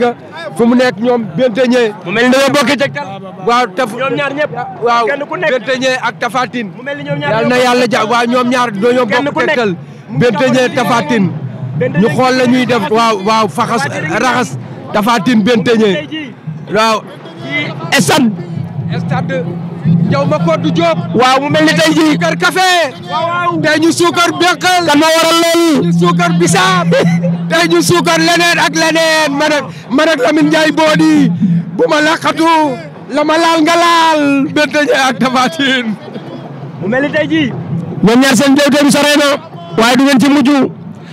nga fu mu nekk ñoom Benteñe. mu mel ni dañoo bokk tegtal. waaw taf ñoom ñaar ñëpp. waaw Benteñe ak Tafatine. mu mel ni ñoom ñaar yal na yàlla ja waaw ñoom ñaar dañoo bokk tegtal. Benteñe Tafatine. ñu xool la ñuy def waaw waaw faxas raxas Tafatine Benteñe waaw. Essan. stade Diaw Macodou Diop waaw mu mel ni tey jii café waaw tey ñu suukar béqal kan moo waral loolu ñu sukar bisaab tey ñu suukar leneen ak leneen man ak man ak Lamine bu ma laqatu lama laal nga laal Benta Diaye ak Tapha mu mel ni tey jii ñaar seen na du ngeen ci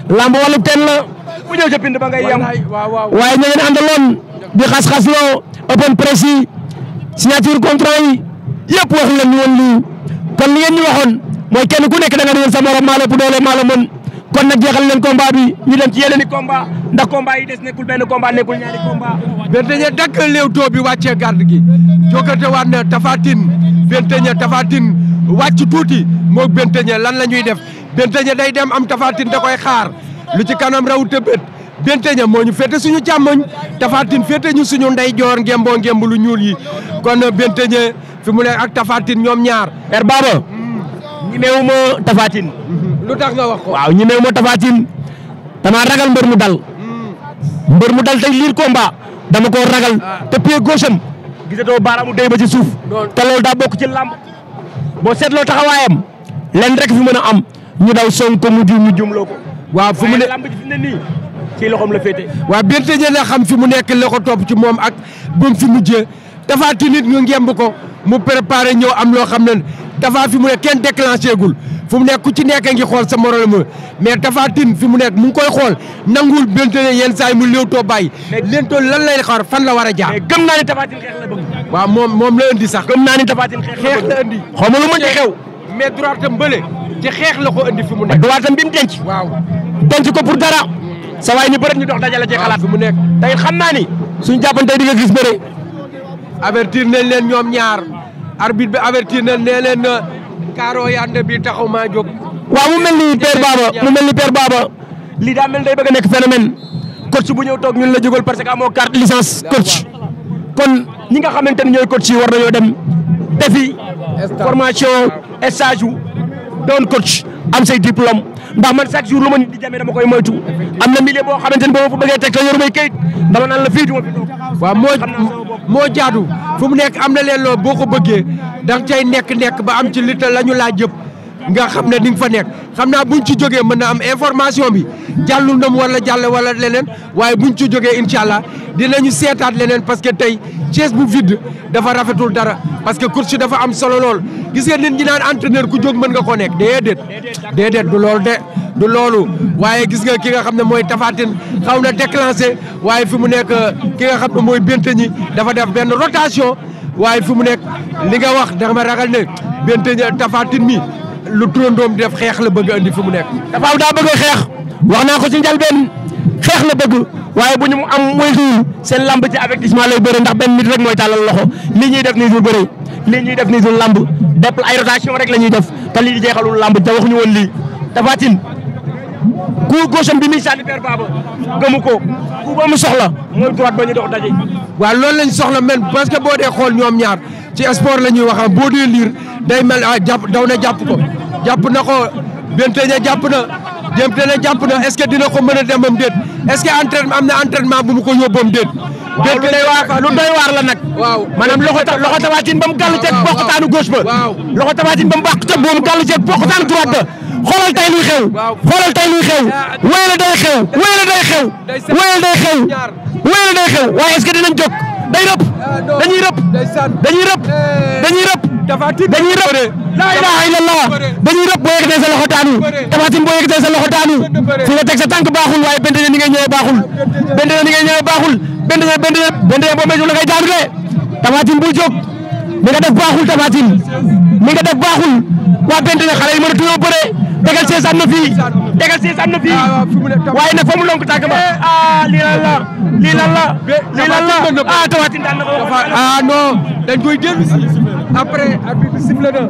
lamb la pind ba ngay di xas-xas open presi. signature contrat yi yëpp wax leen woon lii kon li ngeen ñu waxoon mooy kenn ku nekk da nga doon sa morom maa la ëpp doole maa la mën kon nag jeexal leen combat bi ñu dem ci yeneen i comba nda combat yi des nekkul benn combat nekkul ñaari combat. vingt et un dakk Leewtoo bi wàccee garde gi jokkate waat na Tapha Tine tafaatin et un tuuti moog vingt et lan la ñuy def vingt et day dem am Tapha da koy xaar lu ci kanam raw tëbët. Bente Ñam moo ñu féete suñu càmmoñ Tapha Tine féete ñu suñu ndeyjoor ngemboo ngemb lu ñuul yi kon Bente Ñam fi mu ne ak Tapha ñoom ñaar. er Baba. ñemewu ma Tapha Tine. lu tax nga wax ko. waaw ma Tapha damaa ragal mbër mu dal. mbër mu dal tey liir combat dama ko ragal. Ah. te pied gauche am. gisatoo baaraamu dey ba ci suuf. te loolu daa bokk ci làmb. boo seetloo taxawaayam. lenn rek fi mën a am. ñu daw sonko mu jum ñu jumloo ko. waaw fu mu ne ci loxoom la féete. xam fi mu nekk la ko topp ci moom ak ba mu fi mujjee Tapha Tine nit ñu ngemb ko mu préparé ñëw am loo xam ne Tapha fi mu nekk kenn déclenché gul fu mu nekk ku ci nekk ngi xool sa morom mais Tapha Tine fi mu nekk mu ngi koy xool nangul Berte Diène yenn saa yi mu léew too bàyyi. léegi lan lay xaar fan la war a jaar. mais gëm naa ne Tapha xeex la bëgg. waaw moom moom la sax. gëm naa ne Tapha Tine xeex la indi. xaw ma lu ma xew. mais droitam bële ci xeex la ko indi fi mu nekk. droitam bi mu denc. waaw ko sa waay ni bëri ñu dox dajale ci xalaat bi mu nekk tey xam naa ni suñu jàppante di nga gis bëre avertir nañ leen ñoom ñaar arbitre bi avertir nañ nee leen kaaro yande bi taxaw maa jóg waa mu mel ni père Baba mu mel ni père Baba lii daa mel day bëgg a nekk phénomène coach bu ñëw toog ñun la jógal parce que amoo carte licence kon ñi nga xamante ne ñooy coach yi war nañoo dem defi formation stage wu doon coach am say diplôme ndax man chaque jour lu ma nit di jamee dama koy moytu am na milieu boo xamante ni boo ma fa bëggee teg te yorumay kayit dama naan la fii du ma fi toog waaw moo moo jaadu fu mu nekk am na leen loolu boo ko bëggee da nga cay nekk-nekk ba am ci li la ñu laaj yëpp nga xam ne di nga fa nekk xam naa buñ ci jógee mën na am information bi jàllul na mu war la jàll wala leneen waaye buñ ci jógee incha allah ñu seetaat leneen parce que tey Thiès bu vide dafa rafetul dara parce que course dafa am solo lool gis nga nit ñi naan entraîneur ku jóg mën nga ko nekk déedéet déedéet du lool de du loolu waaye gis nga ki nga xam ne mooy tafaatin xaw na déclenché waaye fi mu nekk ki nga xam ne mooy bénte ñi dafa def benn rotation waaye fi mu nekk li nga wax dama ragal ne bénte ñi tafaatin lu turandoom def xeex la bëgg andi fi mu nekk. dafa am daa bëgg xeex wax naa ko ci njëlbeen xeex la bëgg waaye bu ñu mu am moytuwul seen lamb ci avertissement lay bëre ndax benn nit rek mooy tàllal loxo lii ñuy def nii du bëre lii ñuy def nii du lamb dépp ay rotation rek la ñuy def te lii di jeexalul lamb te waxuñu woon lii Tapha Tine ku gaucham bi muy sànni per baaba gëmu ko ku ba mu soxla mooy droite ba ñu dox daje. waaw loolu lañ soxla men parce que boo xool ñoom ñaar ci sport la ñuy wax boo dee liir day mel ah jàpp daw na jàpp ko. jàpp na ko Benteñe jàpp na Benteñe jàpp na est dina ko mën a demam déet est-ce que am na entraînement bu mu ko yóbboom déet. waaw lu doy waar lu doy waar la nag. waaw maanaam loxo ta loxo tabaatin ba mu gàll ceeg poqutaanu gauche ba. waaw loxo tabaatin ba mu bàq ca boobu gàll ceeg poqutaanu droite ba. xoolal tay luy xew. xoolal tay luy xew. wéyal day xew wéyal day xew. wéyal day xew wéyal day xew waaye est-ce que dinañ jóg. day rëpp dañuy rëpp dañuy rëpp dañuy rëpp dañuy rëpp laa ilaaha illallah dañuy rëpp boo yëkkatee sa loxo daanu tafatin boo yëkkatee sa loxo daanu fi nga teg sa tànk baaxul waaye benn ni ngay ñëwee baaxul benn ni ngay ñëwee baaxul benn benn benn boo moytuwul ngay daanu de tafatin bu jóg mi nga def baaxul tafatin mi nga def baaxul waa benn xale yi mënatuñoo bëre tegal seesaan na fii tegal siis am na fii ah, waaye nag fa mu lonk tàgg ba eh, ah lii lan la lii lan la lii lan la ah tawatin daan na ko ah non dañ koy dellu si après arbitre bi sifflé na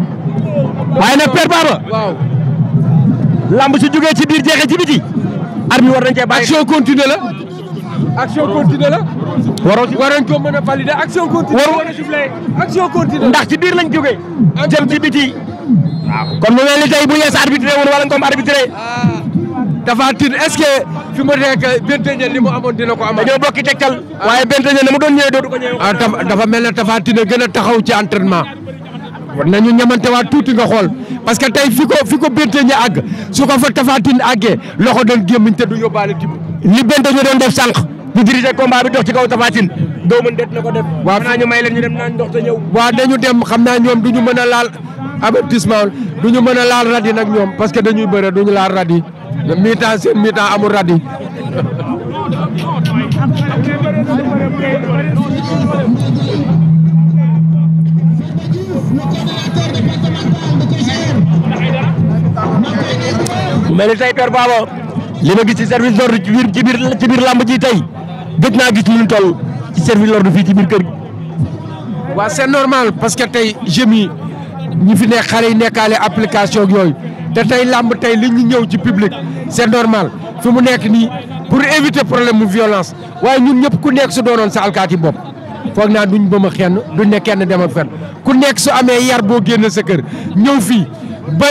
waaye nag Père Baba waaw lamb su jógee ci biir jeexee ci biti arbitre war nañ cee bàyyi action continue la action continue la waroon waroon ko mën a valider action continue waroon a sifflé action continue ndax ci biir lañ jógee jëm ci biti waaw kon mu mel ni tey bu yees arbitré woon wala nga ko arbitré ah. Tafatin eske est-ce que fi mu dina ko amoon. dañoo bokki tegtal. waaye Benteñe ni mu doon ñëwee dootu ko ñëwee. Ah, dafa mel ne Tapha taxaw ci entraînement. nañu ñamante waat tuuti nga xool parce que tey fi ko fi ko su ko fa Tapha Tine loxo doon gémmiñ te du yóbbaale tibb. li Benteñe doon def sànq. bu combat bi dox ci kaw det def. may ñu dem dox te dañu dem laal laal radi nag ñoom parce que dañuy bëre laal radi le mi-temps seen mi-temps amul radi mel ni tey Père li ma gis ci service d'ordre ci biir ci biir ci biir làmb ji tey gëj naa gis ñu toll ci service d'ordre fii ci biir kër gi. c'est normal parce que tey jeunes yi ñi fi nekk xale yi nekkaale application yooyu. te tay lamb tay li ñu ñëw ci public c'est normal fu mu nekk ni pour éviter problème violence waye ñun ñëpp ku nekk su doonon sa alkati bop fokk na duñ bama xenn duñ ne kenn demal fenn ku nekk su amé yar bo génn sa kër ñëw fi ba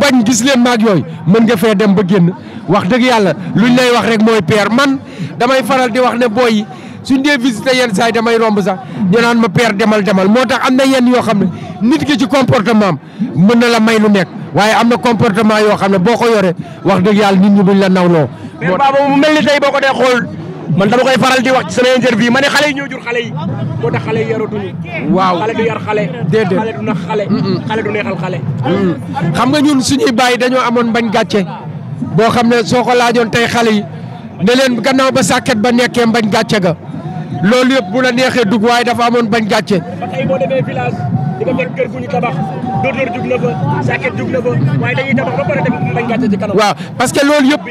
bañ gis leen maag yoy mën nga fee dem ba génn wax deug yalla luñ lay wax rek moy père man damay faral di wax ne boy suñ dé visiter yeen say damay romb sax ñu naan ma père demal demal motax amna yeen yo yenn nit ki ci comportement am mën na la may lu nekk. waaye am na comportement yoo xam ne boo ko yoree wax dëgg yàlla nit ñi buñ la nawloo. mais Baba mu mel ni tey boo ko dee xool man dama koy faral di wax ci sama interview ma ne xale yi ñoo jur xale yi xale yi yaratuñu. waaw xale du xale. déedéet xale du nax xale. xale mm. xam nga ñun suñuy bàyyi dañoo amoon bañ gàcce boo xam ne soo ko laajoon tey xale yi ne leen gannaaw ba sàkket ba nekkee bañ gàcce ga loolu yëpp bu la neexee dugg waaye dafa amoon bañ gàcce. di ko fekk kër waaw parce que loolu yëpp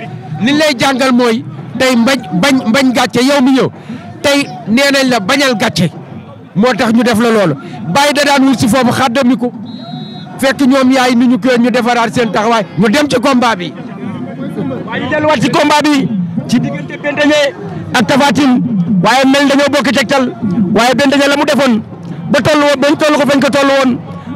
li lay jàngal mooy tey mbañ bañ bañ gàcce yow mi ñëw tey nee nañ la bañal gàcce moo tax ñu def la loolu bàyyi da daan wul si foofu xàddamiku fekk ñoom yaay nu ñu koy ñu defaraat seen taxawaay ñu dem ci combat bi. waaye ñu delluwaat ci combat bi ci diggante Bentangé ak Tapha Tine waaye mel dañoo bokk tegtal waaye Bentangé la mu defoon. ba tollu woon bañ toll ko fañ ko tollu won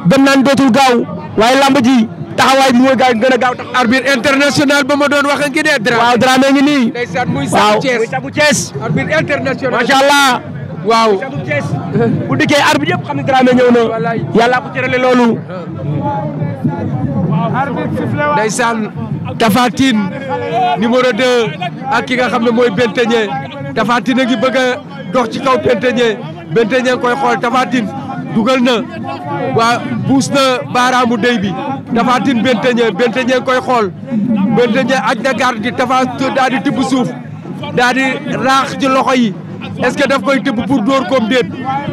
gëm nan dotul gaaw waaye lamb ji taxaway moy gaay gëna gën gaaw tax arbitre international ba ma doon wax ak dé dra waaw Dramé ngi nii ndeysaan muy sabu ties arbitre international machallah waaw bu diké arbitre yëpp xam dra Dramé ñëw na yalla ko cërale lolu ndeysaan tafatin numéro 2 ak ki nga xam moy mooy tafatin nga bëgg dox ci kaw Benteñe benteñ a koy xol tafatin dugal na wa buus na baaraamu déy bi tafatin benteñ a benteñ a koy xol benteñ a aj na garde gi di tibb suuf daal di raax ci loxo yi est-ce daf koy tibb pour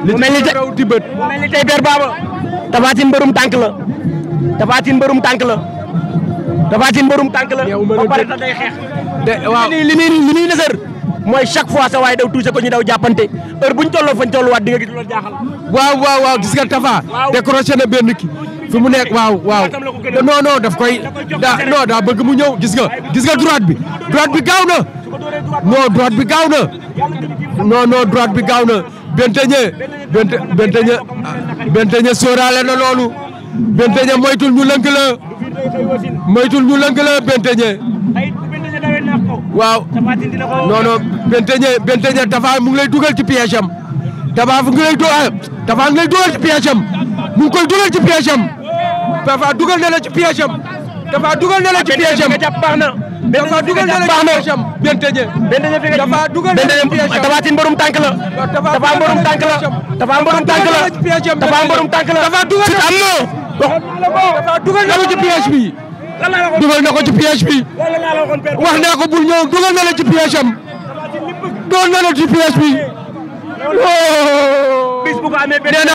li melni beut melni tay baba tafatin berum tank la tafatin berum tank la tafatin berum tank la ba pare day xex de wa limi limi mooy chaque fois sa waay daw touché ko ñu daw jàppante heure bu ñu tolloo fañ tolluwaat di nga gis waaw waaw waaw gis nga Tafa. waaw décroché na benn ki fi mu nekk waaw waaw non non daf koy daa bëgg mu ñëw gis nga gis nga droite bi droite bi gaaw na non droite bi gaaw na non non droite bi gaaw na benteñe bente benteñe benteñe sóoraale na loolu benteñe moytul ñu lënk moytul ñu lënk la benteñe waaw non non Benteñe Benteñe Tapha mu ngi lay dugal ci piège am Tapha fu ngi lay dugal ah, Tapha ngi lay dugal ci piège am mu ngi koy dugal ci piège am Tapha dugal na la ci piège am Tapha dugal na la ci piège am Tapha dugal na la ci piège am Benteñe Tapha dugal na la ci piège am Tapha Tine borom tànk la Tapha borom tànk la Tapha borom tànk la Tapha borom tànk la Tapha dugal na la ci piège bi dugal na ko ci piège bi wax naa ko bul ñëw dugal na la ci piège am doon na la ci piège bi.